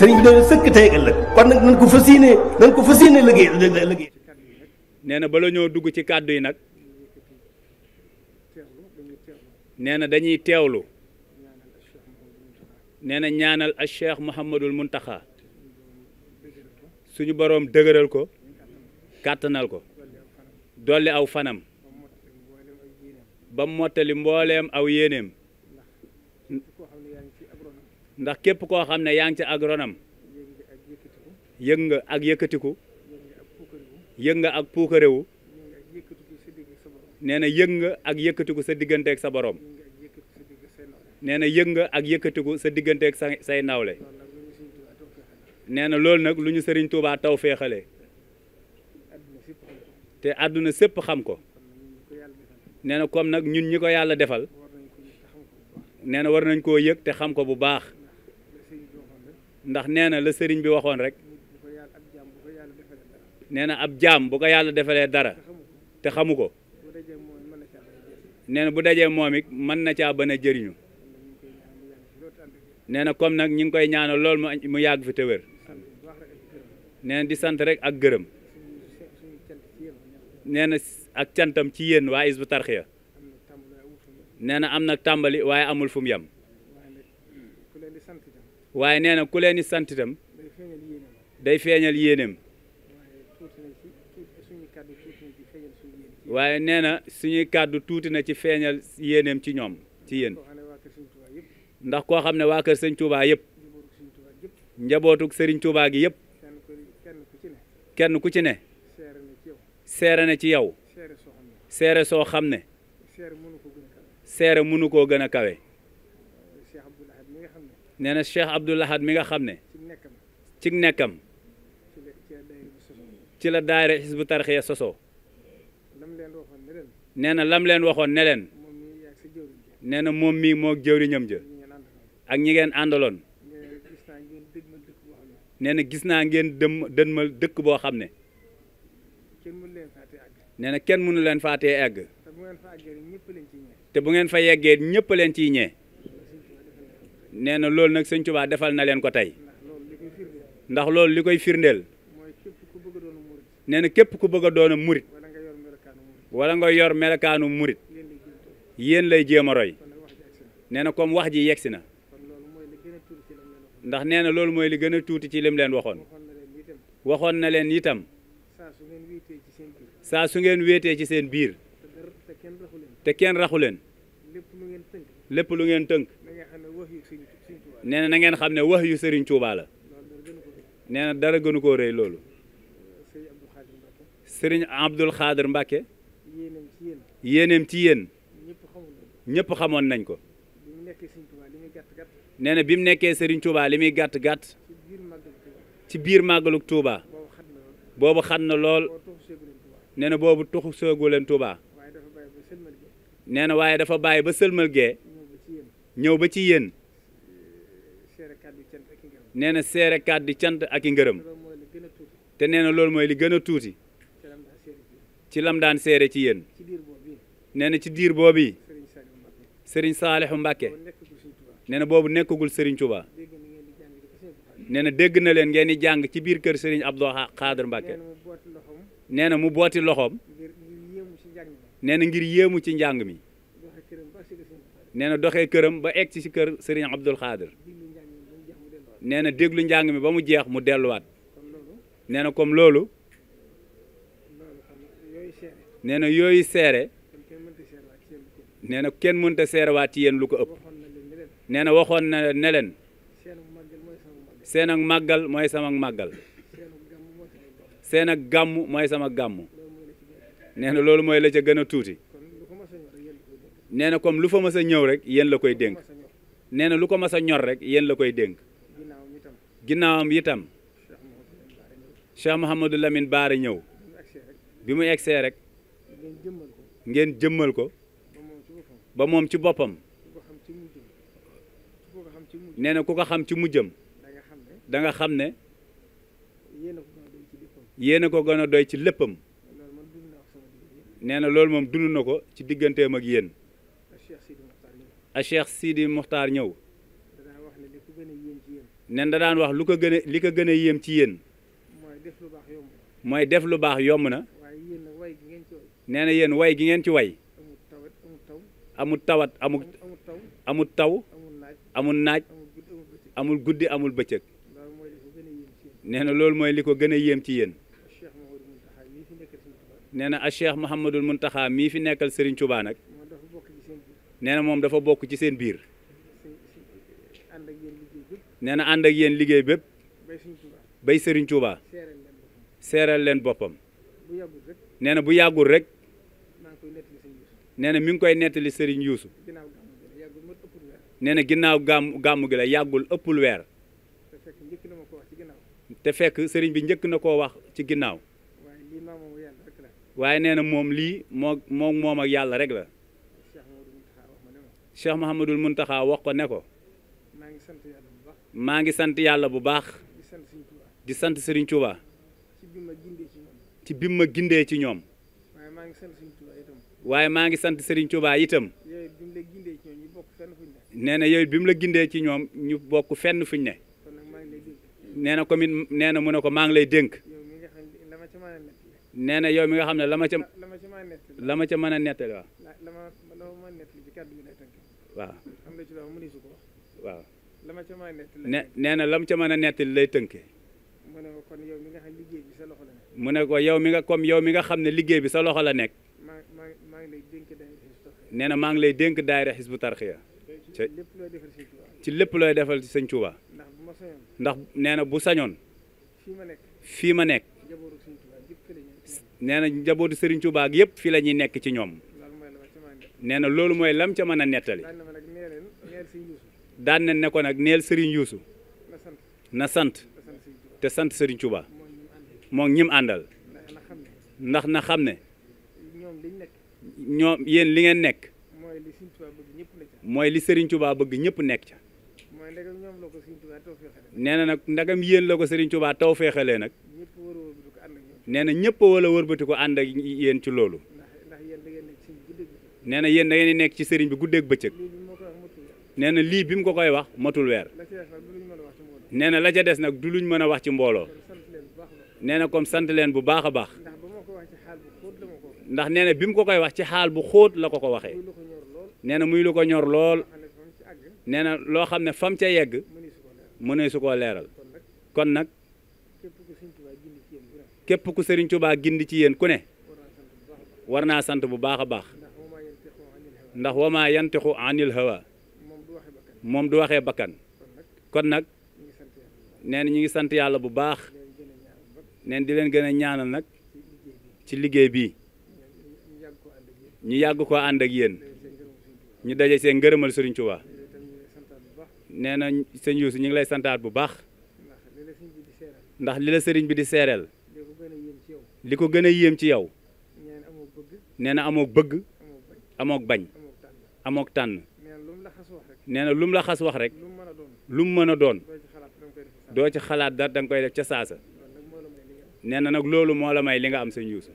sëriñ bi dana sëkk tey ëllëg kon nag nañ ko fas nañ ko fas yéene liggéey bala ñoo dugg ci kàddu yi nag nee na dañuy teewlu nee na ñaanal a cheikh Mouhamadul Muntaxa suñu boroom dëgëral ko kàttanal ko dolli aw fanam ba mottali mbooleem aw yéeneem ndax képp koo xam ne yaa ngi ci agronome yëg nga ak yëkkatiku yëg nga ak puukarewu nee na yëg nga ak yëkkatiku sa digganteek sa borom nee na yëg nga ak yëkkatiku sa digganteeg sa say nawle nee na loolu nag lu ñu sëriñ Tuubaa taw féexale te àdduna sépp xam ko nee na comme nag ñun ñi ko yàlla defal nee na war nañ koo yëg te xam ko bu baax ndax nee na la sëriñ bi waxoon rek nee na ab jaam bu ko yàlla defalee dara te xamu ko nee na bu dajee moom it mën na caa bana a jëriñu nee na comme nag ñu ngi koy ñaanal lool mu yàgg fi te wér di sant rek ak gërëm nee na ak cantam ci yéen waa Hizbut Tarqiyyah nee na am na tàmbali waaye amul fum mu yem waaye nee na ku leen di sant day feeñal yéeneem waaye nee na suñuy kàddu tuuti na ci feeñal yéeneem ci ñoom ci yéen ndax koo xam ne waa kër sëñ Touba yëpp njabootug sëriñ Touba gi yëpp kenn ku ci ne seere na ci yow seere soo xam ne seere mënu koo gën a kawe nee na Cheikh Abdoul mi nga xam ne ci nekkam ci la daayira Hizbut Tarqiyyah sosoo nee na lam leen waxoon ne leen na moom mii moo jëwriñam ja ak ñi ngeen àndaloon nee na gis naa ngeen dëm dënmal dëkk boo xam ne nee na kenn mënu leen faatee egg te bu ngeen fa yeggee ñëpp leen ciy ñee. nee na loolu nag sëñ Tuubaa defal na leen ko tey ndax loolu li koy firndeel nee na képp ku bëgg a doon a murit wala nga yor melokaanu murit yéen lay jéem a roy nee na comme wax ji yegsi na ndax nee na loolu mooy li gën a tuuti ci lim leen waxoon waxoon na leen itam saa su ngeen wéetee ci seen biir te kenn raxu leen lépp lu ngeen tënk nee na ngeen xam ne wax yu Serigne Touba la nee na dara gënu koo rëy loolu Serigne Abdoul Khader Mbacke yéeneem ci yéen ñëpp xamoon nañ ko nee na bi mu nekkee sëriñ Touba li muy gàtt gàtt ci biir màggaluk Touba boobu xat na lool nee na boobu tuxu soogu leen Touba nee na waaye dafa bàyyi ba sëlmal gee ñëw ba ci yéen nee na seere kàddu cant ak i ngërëm te nee na loolu mooy li gën a tuuti ci lam daan seere ci yéen nee na ci diir boobu sëriñ Saliou Mbacké nee na boobu nekkagul Serigne Touba nee na dégg na leen ngeen di jàng ci biir kër sëriñ Abdou Khadre Mbacké nee na mu booti loxoom nee ngir yéemu ci njàng mi. nee na doxee këram ba egg ci si kër Serigne Abdoul Khadir nee na déglu njàng mi ba mu jeex mu delluwaat nee na comme loolu nee na yooyu seere nee na kenn mënta seerewaat ci yéen lu ko ëpp nee na waxoon na ne leen seen ak màggal mooy sama màggal seen ak gàmm mooy sama gàmm nee na loolu mooy la ca gën a tuuti nee na comme lu fa mas a ñëw rek yéen la koy dénk nee na lu ko mas a ñor rek yéen la koy dénk ginnaawam itam Cheikh Mouhamadou lamin Baara ñëw bi mu egsee rek ngeen jëmmal ko ba moom ci boppam nee na ku ko xam ci mujjam da nga xam ne yéen a ko gën a doy ci léppam nee na loolu moom dund na ko ci digganteem ak yéen a Cheikh Sidi Mokhtar ñëw nen da daan wax lu ko gën a li ko gën a ci yéen mooy def lu baax yomb na nee na yéen way gi ngeen ci way amul tawat amul amul taw amul naaj amul guddi amul bëccëg nee na loolu mooy li ko gën a yéem ci yéen nee na a Cheikh Mouhamadul Mountakha mii fi nekkal sëriñ Touba nag nee na moom dafa bokk ci seen biir nee na ànd ak yéen liggéey bépp bay Serigne Touba seeral leen boppam nee na bu yàggul rek nee na mi ngi koy nettali sëriñ Youssou nee na ginnaaw gàmm gàmm gi la yàggul ëppul weer te fekk sëriñ bi njëkk na koo wax ci ginnaaw waaye nee na moom lii moo moom ak yàlla rek la. Cheikh Mouhamadul mun wax ko ne ko maa ngi sant yàlla bu baax di sant sëriñ Touba ci bim ma gindee ci ñoom waaye maa ngi sant sëriñ Touba itam nee na yooyu bi mu la gindee ci ñoom ñu bokk fenn fuñ ne nee na commune nee na mu ne ko maa ngi lay dénk nee na yow mi nga xam ne la ma ca la ma ca mën a nettali waaw. am na ci loo mëneesu ko. waaw. la ma ca mën ne nee na la mu ca mën a nettali lay tënkee. mu ne ko kon mi nga xam liggéey loxo mu ne yow mi nga comme yow mi nga xam ne liggéey bi sa loxo la nekk. maa maa ngi lay dénk daayira Hizbut Tarqiyyah. nee na maa ngi lay dénk daayira Hizbut Tarqiyyah. ci lépp looy defal sëñ Tuubaa. ci lépp looy defal sëñ Tuubaa. ndax bu ma ndax nee na bu sañoon. fii ma nekk fii ma njabootu Serigne Touba ak yëpp fii la ñuy nekk ci ñoom nee na loolu mooy lam ca mën a nettali daan na ne ko nag neel Serigne Youssou na sant te sant sëriñ Touba moo ñim àndal ndax na xam ne ñoom yéen li ngeen nekk mooy li sëriñ Touba bëgg ñëpp nekk ca nee na nag ndagam yéen la ko Serigne Touba taw feexalee nag nee na ñëpp wala wërbati ko ànd yéen ci loolu nee na yéen da ngeen di nekk ci sëriñ bi guddeeg bëccëg nee na lii bi mu ko koy wax matul weer nee na la ca des nag du luñ mën a wax ci mbooloo nee na comme sant leen bu baax a baax ndax nee na bi mu ko koy wax ci xaal bu xóot la ko ko waxee nee na muy lu ko ñor lool nee na loo xam ne fam ca yegg mën su koo leeral kon nag képp ku sëriñ Tuubaa gind ci yéen ku ne war naa sant bu baax a baax ndax wamaa yantixu anil hawa moom du waxee bakkan kon nag nee na ñu ngi sant yàlla bu baax neen di leen gën a ñaanal nag ci liggéey bi ñu yàgg koo ànd ak yéen ñu daje seen ngërëmal Sëriñ Tuubaa nee na sëñ ñu ngi lay santaat bu baax ndax li la sëriñ bi di seereel li ko gën a yéem ci yow nee na amoo bëgg amoo bañ amook tànn nee na lu mu la xas wax rek lum mu mën a doon doo ci xalaat dara da nga koy def ca saasa nee na nag loolu moo la may li nga am sëñ Yuusu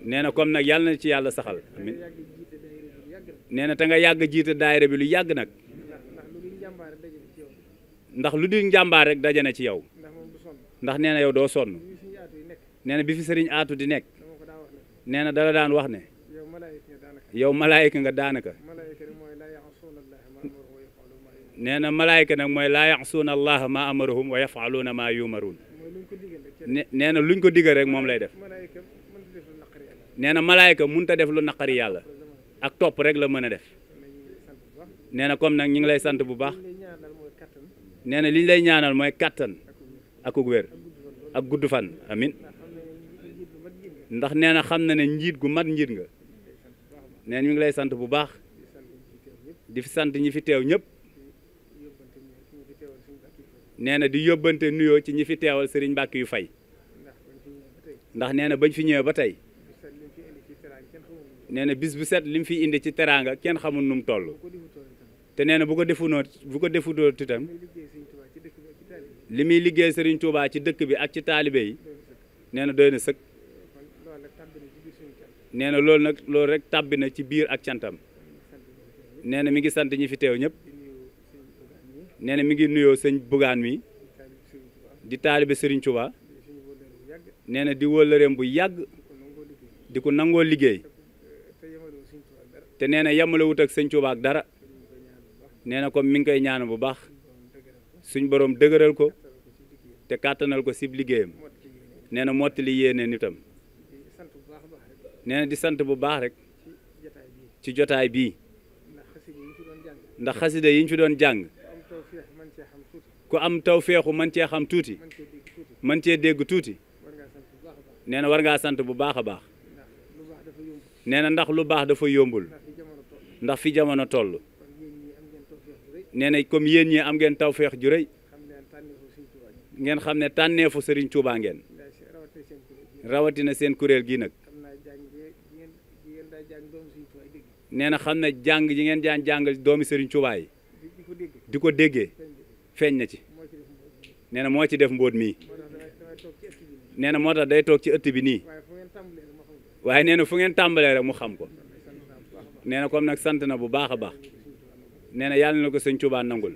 nee na comme nag yàlla na ci yàlla saxal amiin na te nga yàgg jiite daayira bi lu yàgg nag ndax lu di njàmbaar rek daje na ci yow ndax nee na yow doo sonn nee bi fi sëriñ aatu di nekk nee na dala daan wax ne yow malaayika nga daanaka nee na malaayika nag mooy laa yaxsuuna allaha ma amarahum wa yafaluuna ma yumaruun nee na luñ ko digal rek moom lay def nee na malaayika mënut def lu naqari yàlla ak topp rek la mën a def nee na comme nag ñu ngi lay sant bu baax nee na li lay ñaanal mooy kàttan ak wér ak gudd fan amin ndax nee na xam na ne njiit gu mat njiit nga neen ñu ngi lay sant bu baax di sant ñi fi teew ñépp nee na di yóbbante nuyoo ci ñi fi teewal sëriñ Mbàkke yu fay ndax nee na bañ fi ñëwee ba tey nee na bis bu set li mu fi indi ci teraanga kenn xamul nu mu toll te nee na bu ko defunoo bu ko defudoo itam li muy liggéey sëriñ Touba ci dëkk bi ak ci taalibe yi nee na doy na sëkk nee na loolu nag loolu rek tàbbi na ci biir ak cantam nee na mi ngi sant ñi fi teew ñëpp nee na mi ngi nuyoo sëñ bugaan mi di taalibe Serigne Touba nee na di wóllëreem bu yàgg di ko nangoo liggéey te nee na yamalewut ak sëñ dara nee na comme mi ngi koy ñaan bu baax suñ borom dëgëral ko te kàttanal ko sib liggéeyam nee na mottali yéene nitam nee di sant bu baax rek ci jotaay bii ndax xasida yi ñu fi doon jàng ku am tawféexu man cee xam tuuti man cee dégg tuuti nee na war ngaa sant bu baax a baax nee na ndax lu baax dafa yombul ndax fi jamono toll nee na comme yéen ñi am ngeen tawféex ju rëy ngeen xam ne tànneefu Serigne Touba rawatina seen kuréel gi nag. nee na xam na jàng ji ngeen daan jàngal doomi Serigne Touba di ko déggee feeñ na ci nee na moo ci def mbóot mii nee na moo tax day toog ci ëtt bi nii waaye nee na fu ngeen tàmbalee rek mu xam ko nee na nag sant na bu baax a baax nee na yàlla na ko sëñ Touba nangul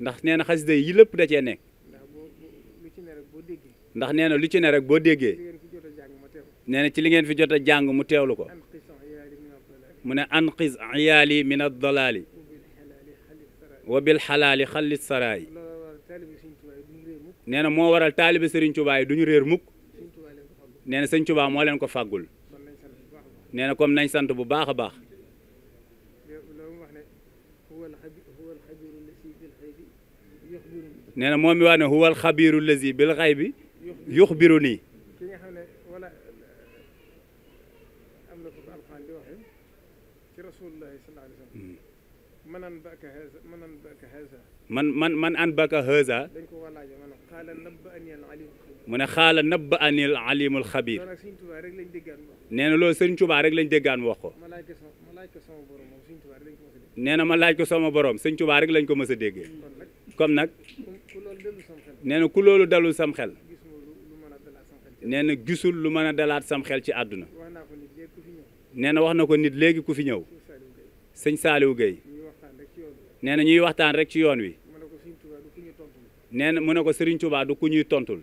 ndax nee na xasida yi lépp da cee nekk ndax nee na lu ci ne rek boo déggee nee na ci li ngeen fi jot a jàng mu teewlu ko. mu ne anqis iyaali min addalaali wa bil xalaali xallit saraayi nee na moo waral taalibi sëriñ Tuubaa yi du ñu réer mukk nee na ko fàggul nee na comme sant bu baax a baax nee na moom mi wax ne huwa alxabiru lazi bil xay bi rasulullahi sallallahu alayhi wa sallam hmm. man an baka haza man man man an baka haza dañ ko walaaj xaala nabba ani al alim mu ne xaala nabba ani al alimul xabir nee na loolu Sëriñ Tuubaa rek lañ déggaan wax ko nee na ma laaj ko sama boroom Sëriñ Tuubaa rek lañ ko mës a déggee comme nag nee na ku loolu dalul sam xel nee gisul lu mën a dalaat sam xel ci àdduna nee na wax na ko nit léegi ku fi ñëw sëñ Saliou Gueye nee na ñuy waxtaan rek ci yoon wi nee na mu ne ko Serigne Touba du ko ñuy tontul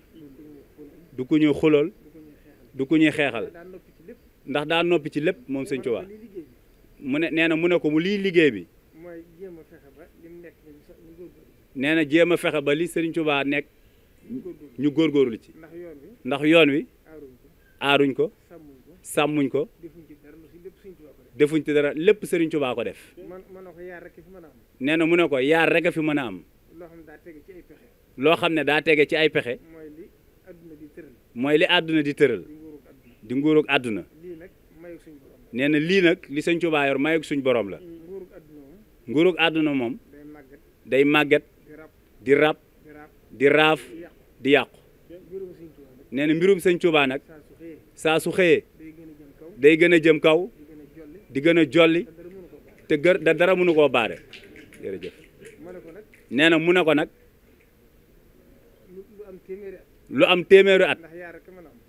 du ku ñuy xulal du ku ñuy xeexal ndax daa noppi ci lépp moom sëñ Touba mu ne nee na mu ne ko mu lii liggéey bi nee na jéem a fexe ba li sëriñ Touba nekk ñu góor góorgóorlu ci ndax yoon wi aaruñ ko sàmmuñ ko. defuñ ci dara lépp Serigne Touba ko def. nee na mu ne ko yaar rek a fi mën a am. loo xam ne daa tege ci ay pexe. mooy li àdduna di tëral. di nguurug àdduna. nee na lii nag li Sëñ Touba yor mayug suñ borom la. nguurug àdduna moom. day màgget. di rab di raaf di yàqu. neena mbirum Sëñ Touba nag. saa su xëyee. day gën a jëm kaw. di gën a jolli te gër da dara mënu koo baare jërëjëf nee na mu ne ko nag lu am téeméeri at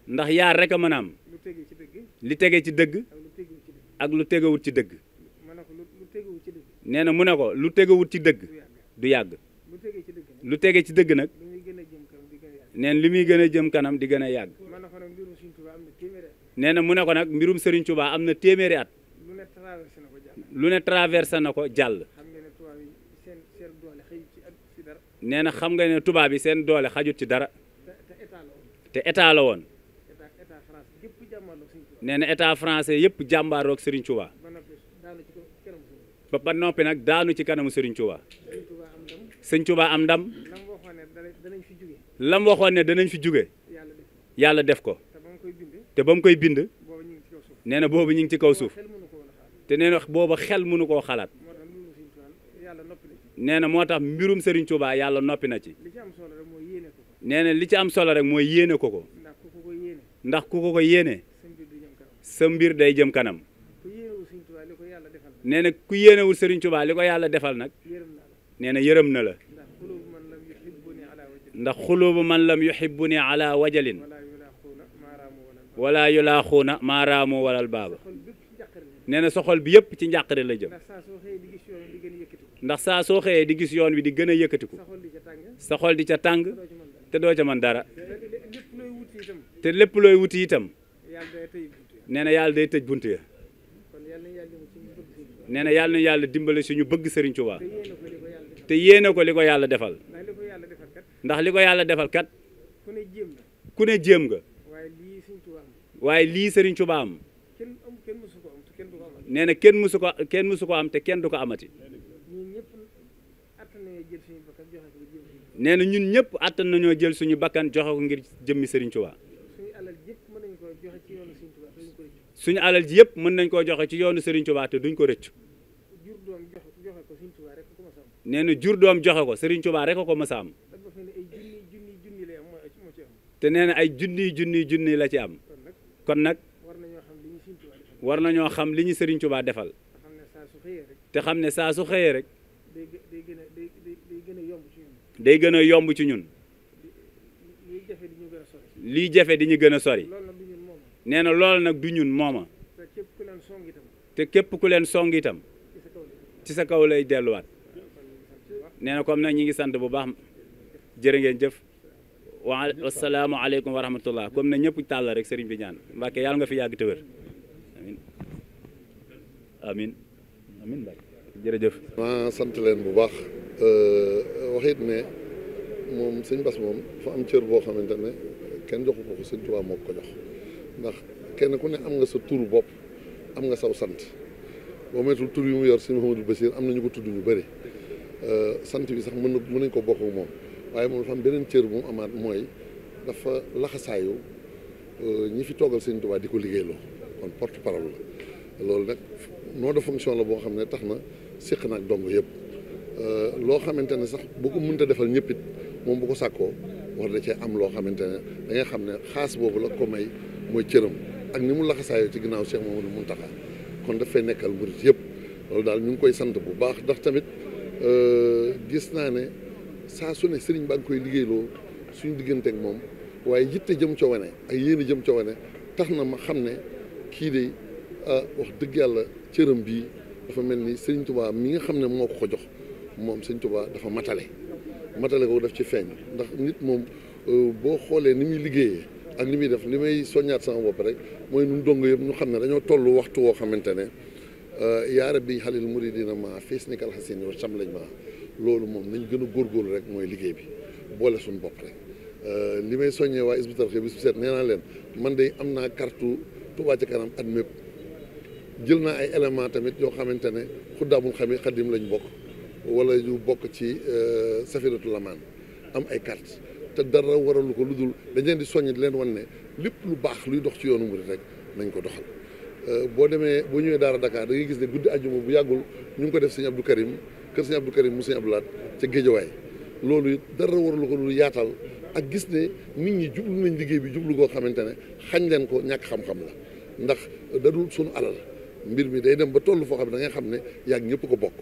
ndax yaar rek a mën a am li tege ci dëgg ak lu tegewut ci dëgg nee na mu ne ko lu ci dëgg du yàgg lu tege ci dëgg nag neen li muy gën a jëm kanam di gën a yàgg nee na mu ne ko nag mbirum Serigne Touba am na téeméeri at lu ne traversé na ko jàll. nee na xam nga ne tubaab yi seen doole xajut ci dara. te état la woon. nee na état français yëpp jàmbaaroog Serigne Touba. ba noppi nag daanu ci kanamu Serigne Touba. Serigne Touba am ndam. lam waxoon ne danañ fi jóge yàlla def ko. te ba mu koy bind. nee na boobu ñu ngi ci kaw suuf. te nee booba xel mënu koo xalaat nee na moo tax mbirum sëriñ Touba yàlla noppi na ci nee na li ci am solo rek mooy yéene ko ko ndax ku ko ko yéene sa mbir day jëm kanam nee na ku yéenewul Serigne Touba li ko yàlla defal nag nee na yërëm na la ndax xulubu man lam yuhibbuni ala wajalin wala yulaaxuuna maaraamu walal baaba nee na soxol bi yëpp ci njàqare la jëm ndax saa soo xëyee di gis yoon wi di gën a yëkkatiku sa xol di ca tàng te doo ca dara te lépp looy wuti itam nee na yàlla day tëj bunt ya nee na yàlla na yàlla dimbale suñu bëgg Serigne Touba te yéene ko li ko yàlla defal ndax li ko yàlla defal kat ku ne jéem nga waaye lii sëriñ Touba am nee na kenn mësu ko kenn mësu ko am te kenn du ko amati nee na ñun ñëpp àttan nañoo jël suñu bakkan joxe ko ngir jëmmi Serigne Touba suñu alal ji yëpp mën nañ koo joxe ci yoonu Serigne Touba te duñ ko rëccu nee na jur doom joxe ko Serigne Touba rek ko mësa am te nee na ay junniy junniy junniy la ci am kon nag war nañoo xam li ñu Serigne Touba defal te xam ne saa su xëyee rek day gën a yomb ci ñun liy jafe di ñu gën a sori nee na loolu nag du ñun mooma te képp ku leen song itam ci sa kaw lay delluwaat nee na comme nag ñi ngi sant bu baax jërë ngeen jëf wa assalaamu aleykum wa rahmatullah comme na ñëpp tàll rek sëriñ bi ñaan Mbàkke yàlla nga fi yàgg te amin jërëjëf. ma sant leen bu baax euh, wax it ne moom sëñ Bass moom dafa am cër boo xamante ne kenn joxu ko ko sëñ Tuubaa moo ko jox ndax kenn ku ne am nga sa turu bopp am nga saw sant boo metul tur yu mu yor sëñ Mouhamadou Bachir am na ñu ko tudd ñu bëri euh, sant bi sax mën na mën nañ ko bokk moom waaye moom dafa am beneen cër bu mu amaat mooy dafa laxasaayu euh, ñi fi toogal sëñ Tuubaa di ko liggéeyloo kon porte parole la loolu nag. non de fonction la boo xam ne tax na séq na ak dong yëpp euh, loo xamante ne sax boo ko mënta defal ñëpp it moom bu ko sàkkoo wax da cee am loo xamante ne da nga xam ne xaas boobu la ko may mooy cëram ak ni mu laxasaayoo ci ginnaaw Cheikh Mamadou Mountakha kon dafay nekkal murit yëpp loolu daal ñu ngi koy sant bu baax ndax tamit euh, gis naa ne saa su ne sëriñ baa ngi koy liggéeyloo suñu diggante ak moom waaye yitte jëm ca wane ak yéene jëm ca wane tax na ma xam ne kii de ah, wax dëgg yàlla cëram bii dafa mel ni Serigne Touba mi nga xam ne moo ko ko jox moom Serigne Touba dafa matale matale ko daf ci feeñ ndax nit moom euh, boo xoolee ni muy liggéeyee ak ni muy def li may soññaat sama bopp rek mooy nun dong yëpp ñu xam ne dañoo toll waxtu woo xamante ne euh, yaa rabbi xalil muridina ma fees nikal xasin wa sam lañ ma loolu moom nañ gën a góorgóorlu rek mooy liggéey bi boole suñu bopp rek euh, li may soññee waa Hizbut Tarqiyyah bis bu seet nee naa leen man de am naa kartu Touba ci kanam at mépp jël naa ay éléments tamit yoo xamante ne xuddaamul xami xadim lañ bokk wala yu bokk ci euh, safinatu lamaan am ay carte te dara waralu ko lu dul dañ leen di soññ di leen wan ne lépp lu baax luy dox ci yoonu murid rek nañ ko doxal euh, boo demee boo ñëwee daara Dakar da ngay gis ne guddi àjjuma bu yàggul ñu ngi ko def sëñ Abdou Karim kër sëñ Abdou Karim mu sëñ Abdou Lahat ca Géejawaay loolu dara waralu ko lu yaatal ak gis ne nit ñi jublu nañ liggéey bi jublu goo xamante ne xañ leen ko ñàkk xam la ndax dadul sunu alal mbir mi day dem ba toll foo xam ne da xam ne yàgg ñëpp ko bokk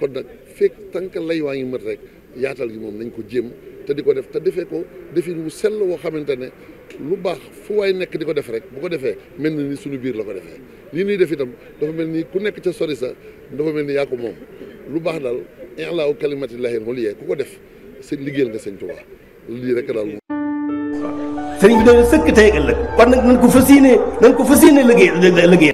kon nag fekk tànk lay waa ngi mat rek yaatal gi moom nañ ko jéem te di ko def te defee ko defin wu sell woo xamante ne lu baax fu waay nekk di ko def rek bu ko defee mel na ni suñu biir la ko defee li nuy def itam dafa mel ni ku nekk ca sori sa dafa mel ni yaa ko moom lu baax daal i'laa kalimatillahi al-'ulyaa ku ko def seen liggéeyal nga sëñ Tuubaa lii rek daal. sëriñ bi dañu sëkk tey ëllëg